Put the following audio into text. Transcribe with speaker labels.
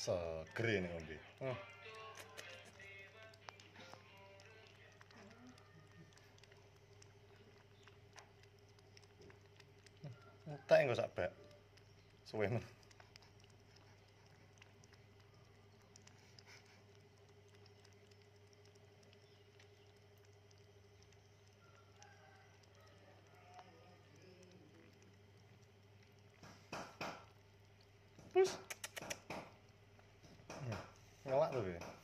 Speaker 1: seger
Speaker 2: ini ngombe
Speaker 3: Tak enggak sak bak. Suwe men.
Speaker 4: nada, velho.